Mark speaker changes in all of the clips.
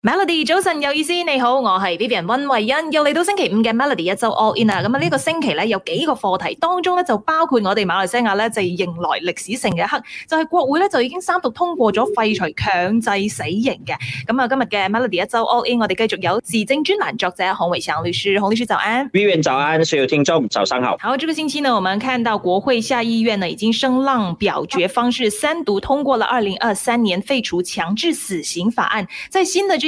Speaker 1: Melody 早晨有意思，你好，我係 Vivian 溫慧欣，又嚟到星期五嘅 Melody 一周 All In 啦。咁啊，呢個星期咧，有幾個課題當中咧，就包括我哋馬來西亞咧就迎來歷史性嘅一刻，就係、是、國會咧就已經三讀通過咗廢除強制死刑嘅。咁啊，今日嘅 Melody 一周 All In，我哋繼續有時政專欄作者孔偉祥律師。孔律師早安
Speaker 2: ，Vivian 早安，所有聽眾早上好。
Speaker 1: 好，這個星期呢，我們看到國會下議院呢已經聲浪表決方式三讀通過了二零二三年廢除強制死刑法案，在新的這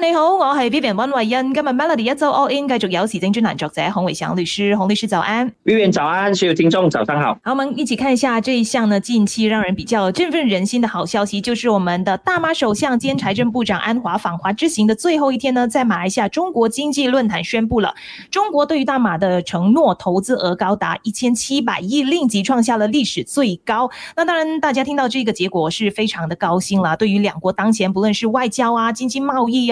Speaker 1: 你好，我係 Vivian One w a 溫慧欣，今日 Melody 一周 All In，繼續有請時事專欄作者洪偉祥律師，洪律師早安。
Speaker 2: Vivian 早安，所有聽眾早上好。
Speaker 1: 好，我們一起看一下這一項呢，近期讓人比較振奮人心的好消息，就是我們的大馬首相兼財政部長安華訪華之行的最後一天呢，在馬來西亞中國經濟論壇宣布了，中國對於大馬的承諾投資額高達一千七百億令吉，創下了歷史最高。那當然，大家聽到這個結果是非常的高興啦。對於兩國當前不論是外交啊、經濟貿易啊，